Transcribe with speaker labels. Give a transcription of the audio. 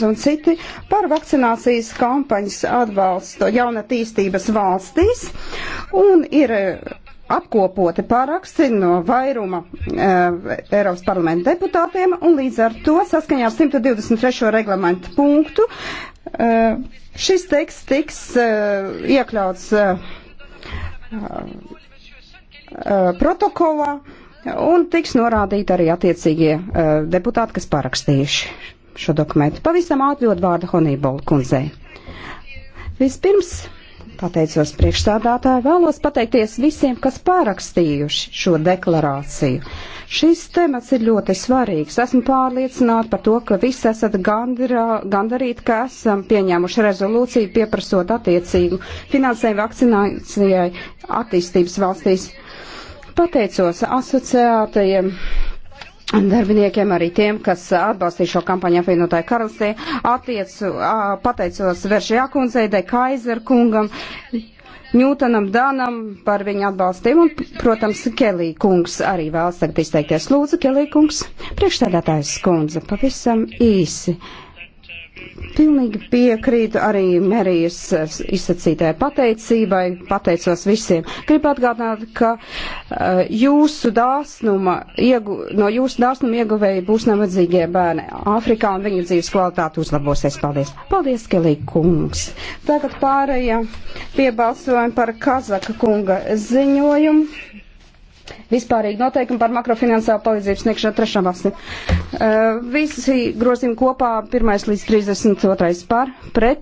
Speaker 1: Gates un citi par vakcinācijas kampaņas atbalstu jaunatīstības valstīs un ir eh, apkopoti paraksti no vairuma e, Eiropas parlamenta deputātiem un līdz ar to saskaņā ar 123. reglamentu punktu e, šis teksts tiks e, iekļauts e, e, protokolā un tiks norādīti arī attiecīgie e, deputāti, kas parakstījuši šo dokumentu. Pavisam atdod vārdu Honeybola kundzei. Vispirms pateicos priekšstādātāju, vēlos pateikties visiem, kas pārakstījuši šo deklarāciju. Šis temats ir ļoti svarīgs. Esmu pārliecināta par to, ka visi esat gandarīti, ka esam pieņēmuši rezolūciju pieprasot attiecīgu finansējumu vakcinācijai attīstības valstīs. Pateicos asociētajiem darbiniekiem, arī tiem, kas atbalstīja šo kampaņu apvienotāju karalistē. Attiecu, pateicos Veršajā kundzei, De Kaiser kungam, Ņūtanam Danam par viņu atbalstiem un, protams, Kelī kungs arī vēlas tagad izteikties. Lūdzu, Kelī kungs, priekšstādātājs skundze, pavisam īsi. Pilnīgi piekrītu arī Merijas eh, izsacītāja pateicībai, pateicos visiem. Gribu atgādināt, ka uh, jūsu dāsnuma, iegu, no jūsu dāsnuma ieguvēja būs nevadzīgie bērni Āfrikā un viņu dzīves kvalitāte uzlabosies. Paldies! Paldies, Kelī kungs! Tagad pārējām pie balsojuma par Kazaka kunga ziņojumu vispārīgi noteikumi par makrofinansālu palīdzību sniegšanu trešām valstīm. Uh, visi grozījumi kopā 1 līdz 32 par pret.